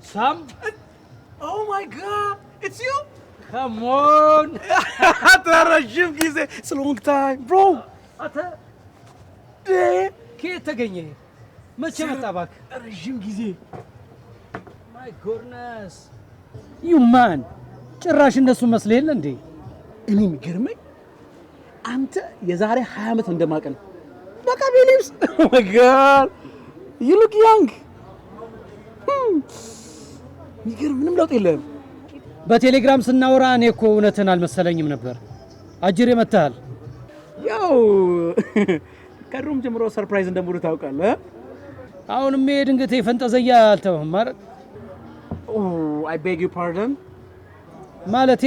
Sam? Uh, oh my God! It's you? Come on! ረዥም ጊዜ long time bro. አንተ ከየት ተገኘ? መቼ መጣ? እባክህ ረዥም ጊዜ my goodness you man ጭራሽ እንደሱ መስለህ የለ እንዴ? እኔ የሚገርመኝ አንተ የዛሬ 20 ዓመት እንደማቀ Look at your lips. Oh my God. You look young. Hmm. ምንም ለውጥ የለም። በቴሌግራም ስናወራ እኔ እኮ እውነትን አልመሰለኝም ነበር። አጅር መታሃል። ያው ከድሮም ጀምሮ ሰርፕራይዝ እንደሙሉ ታውቃለህ። አሁንም ይሄ ድንገት ፈንጠዘያ አልተውህም ማለት አይ ቤግ ዩ ፓርደን ማለቴ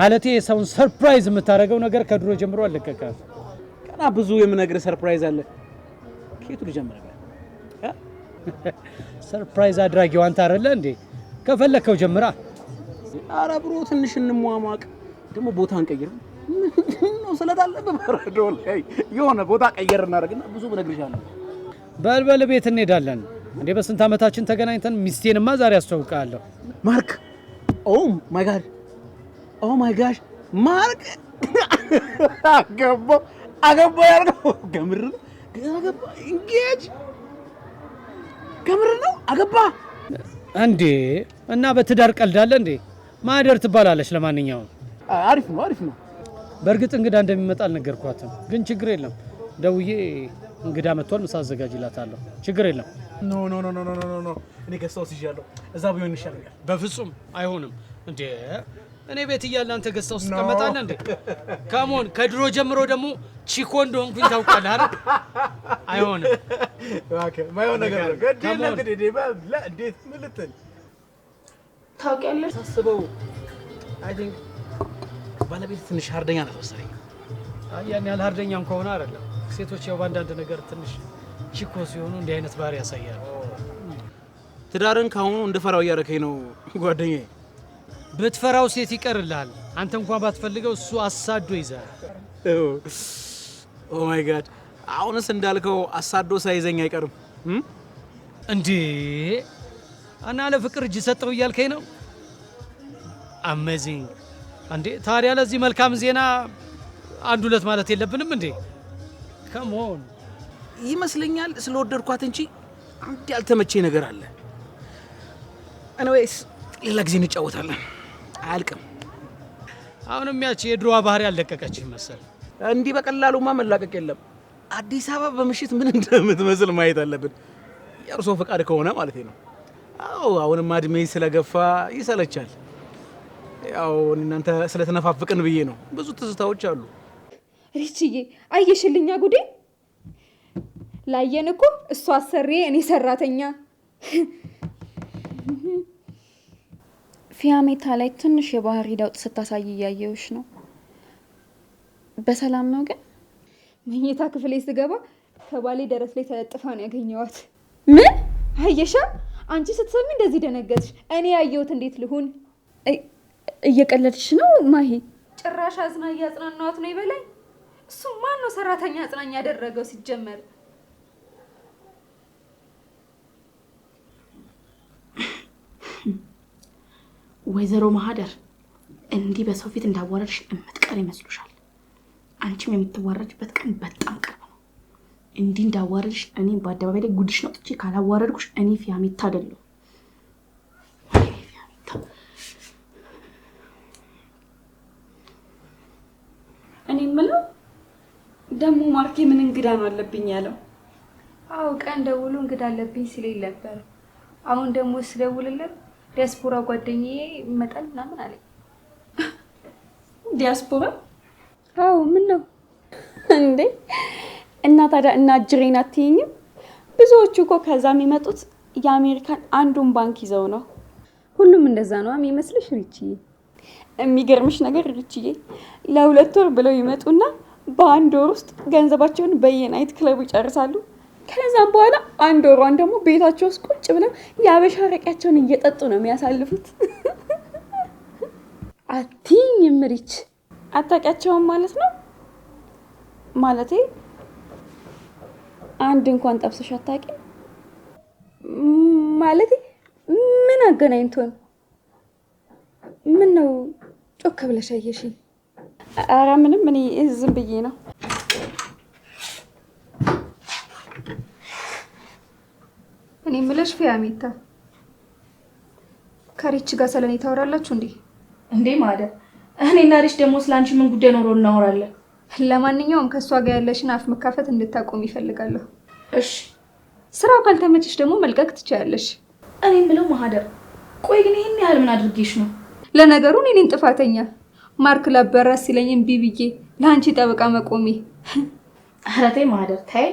ማለቴ ሰውን ሰርፕራይዝ የምታደርገው ነገር ከድሮ ጀምሮ አልለቀቃል ገና ብዙ የምነግርህ ሰርፕራይዝ አለ። ከየቱ ልጀምር? ሰርፕራይዝ አድራጊ ዋንታ አይደለ እንዴ? ከፈለከው ጀምራ። አረ ብሮ ትንሽ እንሟሟቅ፣ ደግሞ ቦታ እንቀይር። ነው ስለት አለብህ? በረዶ ላይ የሆነ ቦታ ቀየር እናደርግና ብዙ እነግርሻለሁ። በልበል ቤት እንሄዳለን እንዴ? በስንት ዓመታችን ተገናኝተን። ሚስቴንማ ዛሬ አስተዋውቃለሁ። ማርክ ኦ ማይ ጋድ ኦ ማይ ጋሽ ማርክ ገባው አገባ ያልከው ከምር አገባ እንጌጅ ከምር ነው አገባ እንዴ? እና በትዳር ቀልዳለ እንዴ? ማህደር ትባላለች። ለማንኛውም አሪፍ ነው፣ አሪፍ ነው። በእርግጥ እንግዳ እንደሚመጣ አልነገርኳትም፣ ግን ችግር የለም ደውዬ እንግዳ መጥቷል፣ ምሳ አዘጋጅላታለሁ። ችግር የለም። ኖ ኖ ኖ ኖ ኖ ኖ እኔ ገዝታ ውስጥ ይዣለሁ። እዛ ቢሆን ይሻለኛል። በፍጹም አይሆንም እንዴ እኔ ቤት እያለ አንተ ገዝታ ውስጥ ትቀመጣለህ እንዴ? ከሞን ከድሮ ጀምሮ ደግሞ ቺኮ እንደሆንኩኝ ታውቃለህ አይደል? አይሆንም። ማይሆን ነገር እንዴት ምን ልትል ታውቂያለሽ? ሳስበው አይ ቲንክ ባለቤት ትንሽ ሀርደኛ ናት መሰለኝ። ያን ያህል ሀርደኛም ከሆነ አይደለም። ሴቶች ያው በአንዳንድ ነገር ትንሽ ቺኮ ሲሆኑ እንዲህ አይነት ባህሪ ያሳያል። ትዳርን ከአሁኑ እንድፈራው እያደረከኝ ነው ጓደኛዬ። ብትፈራው ሴት ይቀርልሃል። አንተ እንኳን ባትፈልገው እሱ አሳዶ ይዛል። ኦ ማይ ጋድ! አሁንስ እንዳልከው አሳዶ ሳይዘኝ አይቀርም እንዴ? እና ለፍቅር እጅ ሰጠው እያልከኝ ነው? አመዚንግ! እንዴ ታዲያ ለዚህ መልካም ዜና አንድ ሁለት ማለት የለብንም እንዴ? ከመሆን ይመስለኛል ስለወደድኳት እንጂ አንድ ያልተመቼ ነገር አለ። እኔ ወይስ ሌላ ጊዜ እንጫወታለን። አያልቅም። አሁንም ያቺ የድሮዋ ባህሪ አልለቀቀችም መሰል። እንዲህ በቀላሉማ መላቀቅ የለም። አዲስ አበባ በምሽት ምን እንደምትመስል ማየት አለብን፣ የእርሶ ፈቃድ ከሆነ ማለት ነው። አዎ አሁንም እድሜ ስለገፋ ይሰለቻል። ያው እናንተ ስለተነፋፍቅን ብዬ ነው። ብዙ ትዝታዎች አሉ። ሪችዬ አየሽልኛ ጉዴ ላየን እኮ እሷ አሰሬ እኔ ሰራተኛ ፊያሜታ ላይ ትንሽ የባህሪ ለውጥ ስታሳይ እያየውሽ ነው። በሰላም ነው ግን? መኝታ ክፍሌ ስገባ ከባሌ ደረት ላይ ተለጥፋ ነው ያገኘዋት። ምን አየሻ? አንቺ ስትሰሚ እንደዚህ ደነገጥሽ። እኔ ያየሁት እንዴት ልሁን? እየቀለድሽ ነው ማሂ? ጭራሽ አዝና እያጽናናዋት ነው ይበላይ። እሱ ማን ነው ሰራተኛ አጽናኝ ያደረገው ሲጀመር? ወይዘሮ ማህደር እንዲህ በሰው ፊት እንዳዋረድሽ እምትቀር ይመስሉሻል? አንቺም የምትዋረድበት ቀን በጣም ቅርብ ነው። እንዲህ እንዳዋረድሽ እኔም በአደባባይ ላይ ጉድሽ ነው ጥቼ ካላዋረድኩሽ እኔ ፊያሜታ አይደለሁ። እኔ የምለው ደግሞ ማርኬ ምን እንግዳ ነው አለብኝ ያለው? አዎ ቀን ደውሎ እንግዳ አለብኝ ሲለኝ ነበር። አሁን ደግሞ ስደውልለት ዲያስፖራ ጓደኛዬ ይመጣል ምናምን አለኝ። ዲያስፖራ? አዎ። ምን ነው እንዴ? እና ታዲያ እና ጅሬን አትይኝም? ብዙዎቹ እኮ ከዛ የሚመጡት የአሜሪካን አንዱን ባንክ ይዘው ነው። ሁሉም እንደዛ ነው የሚመስልሽ ሪችዬ? የሚገርምሽ ነገር ሪችዬ፣ ለሁለት ወር ብለው ይመጡና በአንድ ወር ውስጥ ገንዘባቸውን በየናይት ክለቡ ይጨርሳሉ። ከዛም በኋላ አንድ ወሯን ደግሞ ቤታቸው ውስጥ ቁጭ ብለው የአበሻ ረቂያቸውን እየጠጡ ነው የሚያሳልፉት። አቲኝ ምሪች አታውቂያቸውም ማለት ነው። ማለቴ አንድ እንኳን ጠብሰሽ አታውቂ ማለት ምን አገናኝቶ ነው? ምን ነው ጮክ ብለሽ አየሽኝ? ኧረ ምንም እኔ ዝም ብዬ ነው። ብለሽ ፊያሜታ ከሪች ጋር ስለኔ ታወራላችሁ እንዴ? እንዴ ማለት እኔና ሪች ደግሞ ስለአንቺ ምን ጉዳይ ኖሮ እናወራለን? ለማንኛውም ከእሷ ጋር ያለሽን አፍ መካፈት እንድታቆም ይፈልጋለሁ። እሺ ስራው ካልተመችሽ ደግሞ መልቀቅ ትችያለሽ። እኔም ብለው ማህደር፣ ቆይ ግን ይህን ያህል ምን አድርጌሽ ነው? ለነገሩ እኔን ጥፋተኛ ማርክ ላበረስ ሲለኝ እምቢ ብዬ ለአንቺ ጠበቃ መቆሜ። ኧረ ተይ ማህደር ተይ።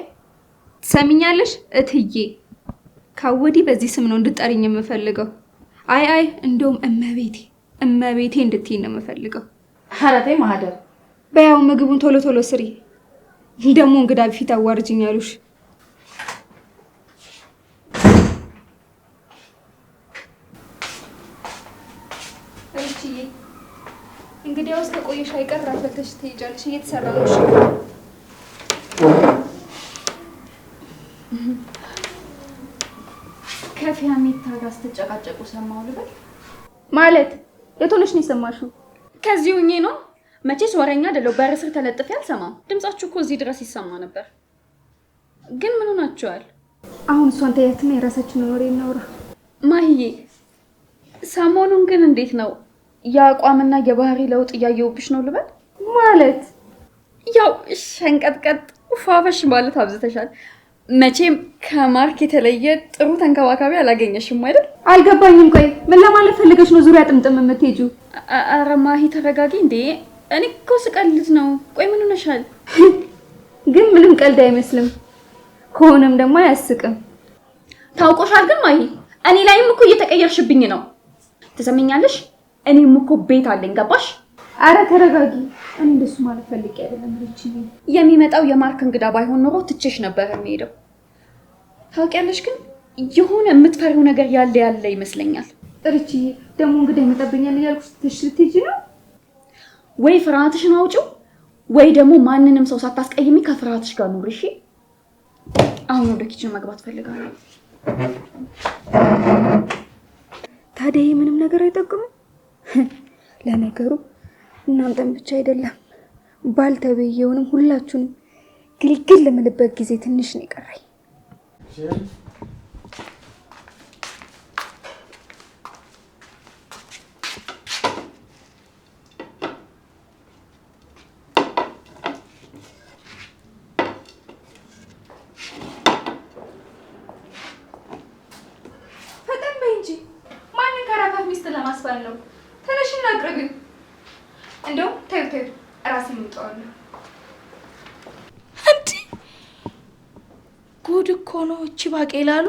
ትሰሚኛለሽ እትዬ ከወዲህ በዚህ ስም ነው እንድጠሪኝ የምፈልገው። አይ አይ እንደውም እመቤቴ እመቤቴ እንድትይኝ ነው የምፈልገው። ሀረቴ ማህደር በያው ምግቡን ቶሎ ቶሎ ስሪ። ደግሞ እንግዳ ፊት አዋርጅኝ አሉሽ። እንግዲያውስ ከቆየሽ አይቀር አፈልተሽ ትሄጃለሽ። እየተሰራ ነው። ከፊያ ሚታ ጋር ስትጨቃጨቁ ሰማሁ ልበል? ማለት የቶነሽ ነው የሰማሽው? ከዚህ ሁኜ ነው። መቼስ ወረኛ አይደለሁ። በር ስር ተለጥፌ አልሰማም። ድምጻችሁ እኮ እዚህ ድረስ ይሰማ ነበር። ግን ምን ሆናችኋል? አሁን እሷን ተያትና የራሳችንን ወሬ እናውራ። ማህዬ፣ ሰሞኑን ግን እንዴት ነው የአቋምና የባህሪ ለውጥ እያየሁብሽ ነው ልበል? ማለት ያው ሸንቀጥቀጥ ፏፈሽ ማለት አብዝተሻል። መቼም ከማርክ የተለየ ጥሩ ተንከባካቢ አላገኘሽም አይደል? አልገባኝም። ቆይ ምን ለማለት ፈልገሽ ነው ዙሪያ ጥምጥም የምትሄጂው? ኧረ ማሂ ተረጋጊ እንዴ! እኔ እኮ ስቀልድ ነው። ቆይ ምን ሆነሻል? ግን ምንም ቀልድ አይመስልም፣ ከሆነም ደግሞ አያስቅም። ታውቆሻል። ግን ማሂ እኔ ላይም እኮ እየተቀየርሽብኝ ነው። ትሰምኛለሽ? እኔም እኮ ቤት አለኝ ገባሽ? አረ ተረጋጊ። እንደሱ ማለት ፈልጌ አይደለም። ልጅ የሚመጣው የማርክ እንግዳ ባይሆን ኖሮ ትቼሽ ነበር የሚሄደው። ታውቂያለሽ፣ ግን የሆነ የምትፈሪው ነገር ያለ ያለ ይመስለኛል። ጥርቺ ደግሞ እንግዳ ይመጣብኛል እያልኩሽ ትሽ ልትሄጂ ነው ወይ? ፍርሃትሽን አውጪው ወይ ደግሞ ማንንም ሰው ሳታስቀይሚ ከፍርሃትሽ ጋር ኑሪ። እሺ፣ አሁን ወደ ኪችን መግባት ፈልጋለሁ። ታዲያ ምንም ነገር አይጠቅምም ለነገሩ እናንተን ብቻ አይደለም ባል ተብዬውንም ሁላችሁንም ግልግል ለምልበት ጊዜ ትንሽ ነው የቀረኝ። አውቀዋለሁ። እንዲህ ጉድ እኮ ነው እቺ ባቄላ አሉ።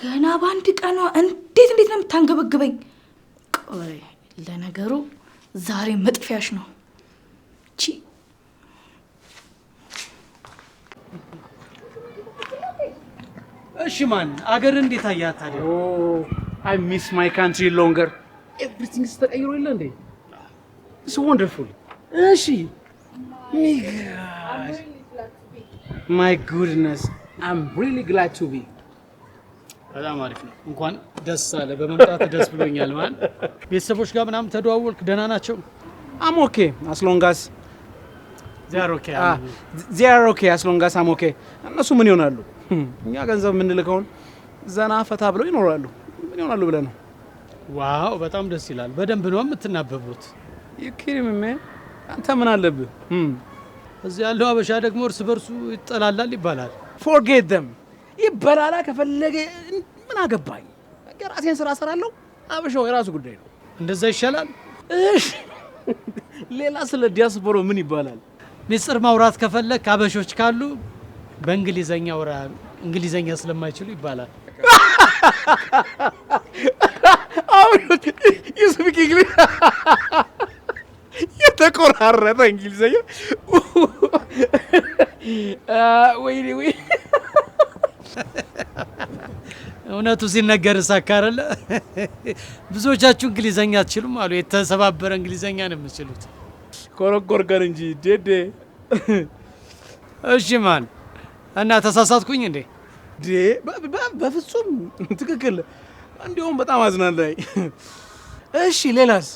ገና በአንድ ቀኗ እንዴት እንዴት ነው የምታንገበግበኝ። ቆይ ለነገሩ ዛሬ መጥፊያሽ ነው። እቺ እሺ፣ ማን አገር እንዴት አያት ታዲያ? አይ ሚስ ማይ ካንትሪ ሎንገር ኤቭሪቲንግስ ተቀይሮ የለ እንዴ? ኢትስ ወንደርፉል እሺ ማይ ጉድነስ አም ሪሊ ግላድ ቱ ቢ በጣም አሪፍ ነው። እንኳን ደስ አለ። በመምጣት ደስ ብሎኛል። ማለት ቤተሰቦች ጋር ምናምን ተደዋወልክ? ደህና ናቸው? አም ኦኬ አስ ሎንግ ኦኬ አስ አም ኦኬ። እነሱ ምን ይሆናሉ? እኛ ገንዘብ የምንልከውን ዘና ፈታ ብለው ይኖራሉ። ምን ይሆናሉ ብለህ ነው? ዋው በጣም ደስ ይላል። በደንብ ነው የምትናበቡት። ዩ ኪሪንግ ሚ አንተ ምን አለብህ? እዚህ ያለው አበሻ ደግሞ እርስ በርሱ ይጠላላል ይባላል። ፎርጌት ደም ይበላላ። ከፈለገ ምን አገባኝ? የራሴን ስራ እሰራለሁ። አበሻው የራሱ ጉዳይ ነው። እንደዛ ይሻላል። እሺ፣ ሌላ ስለ ዲያስፖሮ ምን ይባላል? ሚስጥር ማውራት ከፈለግ አበሾች ካሉ በእንግሊዘኛ አውራ፣ እንግሊዘኛ ስለማይችሉ ይባላል። አሁን ዩ ስፒክ እንግሊሽ የተቆራረጠ እንግሊዘኛ ወይኔ ወይ እውነቱ ሲነገር ሳካረለ ብዙዎቻችሁ እንግሊዘኛ አትችሉም አሉ። የተሰባበረ እንግሊዘኛ ነው የምችሉት። ኮረኮርከን እንጂ ዴዴ። እሺ ማን እና ተሳሳትኩኝ እንዴ? በፍጹም ትክክል። እንዲሁም በጣም አዝናለሁ። እሺ ሌላስ?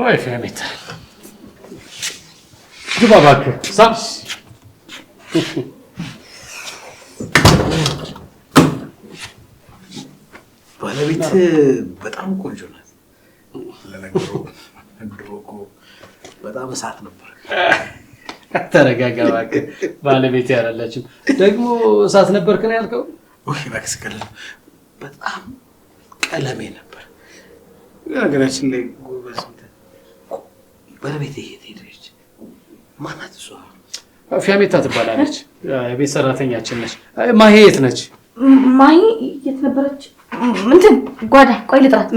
ወይ ፈሚታ ግባ እባክህ። ሳምስ ባለቤት በጣም ቆንጆ ናት። ለነገሩ ድሮ በጣም እሳት ነበር። ተረጋጋ እባክህ። ባለቤት ያላለችም ደግሞ እሳት ነበርክ ነው ያልከው? በጣም ቀለሜ ነበር። ነገራችን ላይ ጎበዝ ባለቤት ይሄ ትሄደች ማናት? እሷ ፊያሜታ ትባላለች። የቤት ሰራተኛችን ነች። ማሄ የት ነች? ማሄ የት ነበረች? ምንትን ጓዳ። ቆይ ልጥራት።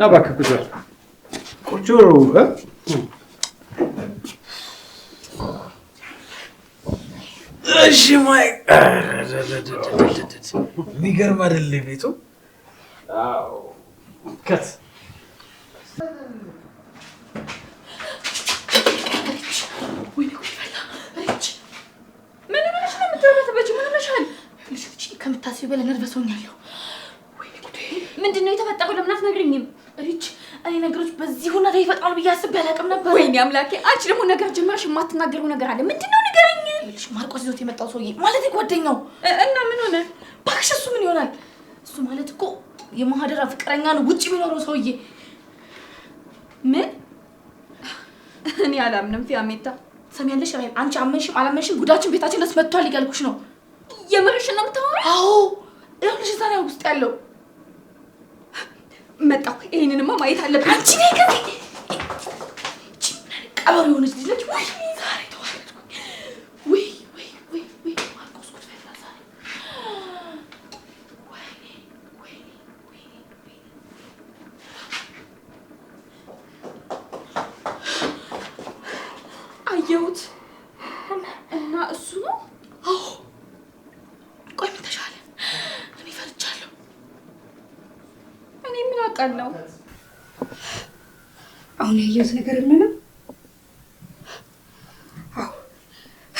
ና እባክህ ጉጆ ቁጆ እሺ ማይ የሚገርም አይደል ቤቱ ከት ከምታስቢ በላይ ነርቨስ ሆኛለሁ። ምንድን ነው የተፈጠረው? ለምን አትነግሪኝም? ሪች እኔ ነገሮች በዚህ ሁኔታ ይፈጥራሉ ብዬ አስቤ አላውቅም ነበር። ወይኔ አምላኬ! አንቺ ደግሞ ነገር ጀመርሽ። የማትናገሪው ነገር አለ። ምንድን ነው? ንገረኝ። ማርቆስ ይዞት የመጣው ሰውዬ ማለት ጓደኛው እና ምን ሆነ? እባክሽ እሱ ምን ይሆናል? እሱ ማለት እኮ የማህደራ ፍቅረኛ ነው፣ ውጭ የሚኖረው ሰውዬ። ምን እኔ አላምንም ፊያሜታ። ሰሚያለሽ? አንቺ አመንሽም አላመንሽም ጉዳችን ቤታችን ደስ መጥቷል እያልኩሽ ነው። የምርሽን ነው የምታወራው? አዎ ይኸውልሽ፣ እዛ ነው ውስጥ ያለው። መጣሁ። ይሄንንማ ማየት አለብን። አንቺ ነይ ከዚህ ቀበሮ የሆነች ልጅ ነች ወይ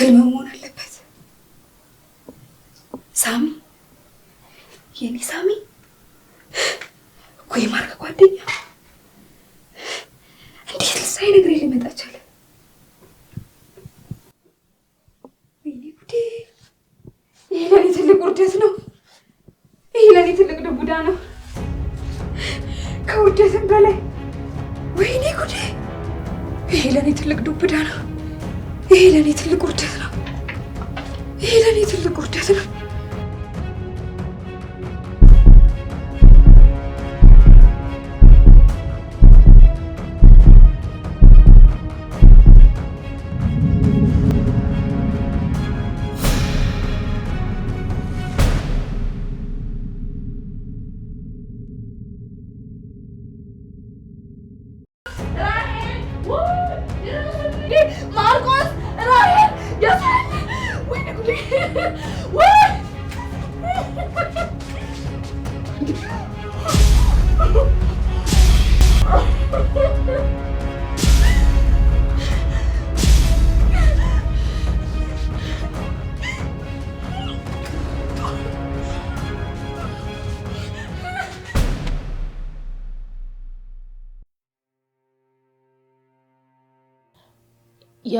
ግን መሆን ውርደት ነው። ይሄ ለእኔ ትልቅ ውርደት ነው።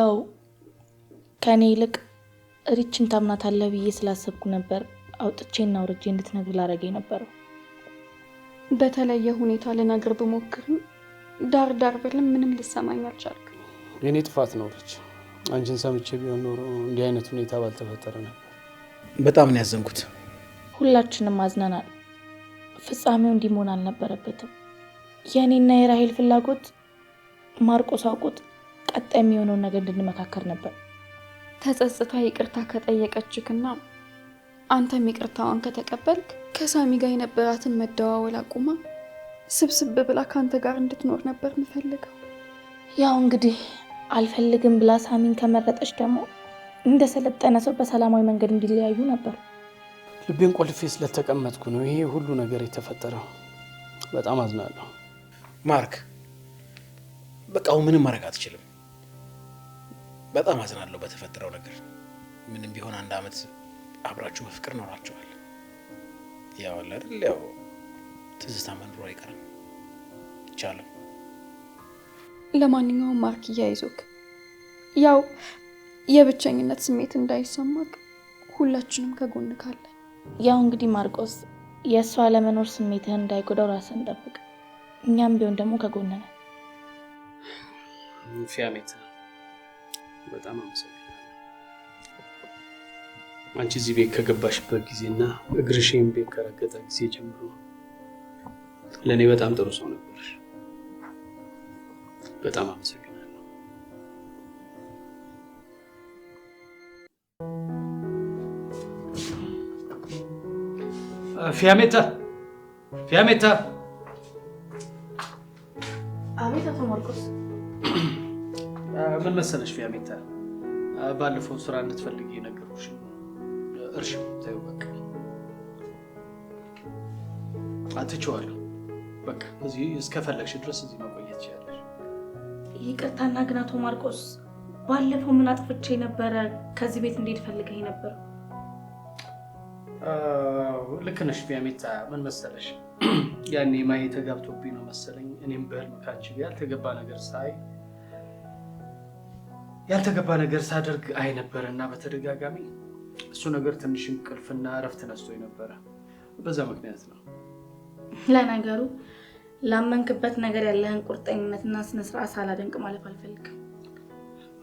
ያው ከእኔ ይልቅ ሪችን አለ ብዬ ስላሰብኩ ነበር አውጥቼና አውርጄ እንድትነግር ላረገኝ ነበረው። በተለየ ሁኔታ ልነግር ብሞክርም ዳር ዳር ብልም ምንም ልሰማኝ አልቻልክ። የእኔ ጥፋት ነው ሪች። አንቺን ሰምቼ ቢሆን ኖሮ እንዲህ አይነት ሁኔታ ባልተፈጠረ ነበር። በጣም ነው ያዘንኩት። ሁላችንም አዝነናል። ፍጻሜው እንዲህ መሆን አልነበረበትም። የእኔና የራሄል ፍላጎት ማርቆስ አውቆት ቀጣይ የሚሆነውን ነገር እንድንመካከር ነበር። ተጸጽታ ይቅርታ ከጠየቀችክና አንተም ይቅርታዋን ከተቀበልክ ከሳሚ ጋር የነበራትን መደዋወል አቁማ ስብስብ ብላ ከአንተ ጋር እንድትኖር ነበር ምፈልገው። ያው እንግዲህ አልፈልግም ብላ ሳሚን ከመረጠች ደግሞ እንደ ሰለጠነ ሰው በሰላማዊ መንገድ እንዲለያዩ ነበር። ልቤን ቆልፌ ስለተቀመጥኩ ነው ይሄ ሁሉ ነገር የተፈጠረው። በጣም አዝናለሁ ማርክ። በቃው ምንም ማድረግ አትችልም። በጣም አዝናለሁ በተፈጠረው ነገር። ምንም ቢሆን አንድ አመት አብራችሁ በፍቅር ኖራችኋል። ያው አለ አይደል ያው ትዝታ መኖሩ አይቀርም። ይቻላል። ለማንኛውም ማርክ እያይዞክ ያው የብቸኝነት ስሜት እንዳይሰማክ ሁላችንም ከጎን ካለ ያው እንግዲህ ማርቆስ የእሷ ለመኖር ስሜትህን እንዳይጎዳው ራስን ጠብቅ። እኛም ቢሆን ደግሞ ከጎን ነን። በጣም አመሰግናለሁ። አንቺ እዚህ ቤት ከገባሽበት ጊዜና እግርሽን ቤት ከረገጠ ጊዜ ጀምሮ ለእኔ በጣም ጥሩ ሰው ነበርሽ። በጣም አመሰግናለሁ። ፊያሜታ ፊያሜታ ምን መሰለሽ ፊያሜታ፣ ባለፈው ስራ እንድትፈልጊ የነገሩሽ እርሽ ታዩ። በቃ አትችዋለሁ። በቃ እዚህ እስከፈለግሽ ድረስ እዚህ መቆየት ይችላለሽ። ይቅርታና ግን አቶ ማርቆስ፣ ባለፈው ምን አጥፍቼ ነበረ? ከዚህ ቤት እንዴት ፈልገኝ ነበር? ልክ ነሽ ፊያሜታ። ምን መሰለሽ ያኔ ማየት ተጋብቶብኝ ነው መሰለኝ እኔም በህልም ካንቺ ያልተገባ ነገር ሳይ ያልተገባ ነገር ሳደርግ አይ ነበረ እና በተደጋጋሚ እሱ ነገር ትንሽ እንቅልፍና እረፍት ነስቶኝ ነበረ። በዛ ምክንያት ነው። ለነገሩ ላመንክበት ነገር ያለህን ቁርጠኝነትና ስነስርዓት ሳላደንቅ ማለፍ አልፈልግም።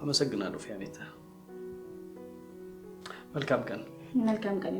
አመሰግናለሁ ፊያሜታ። መልካም ቀን። መልካም ቀን።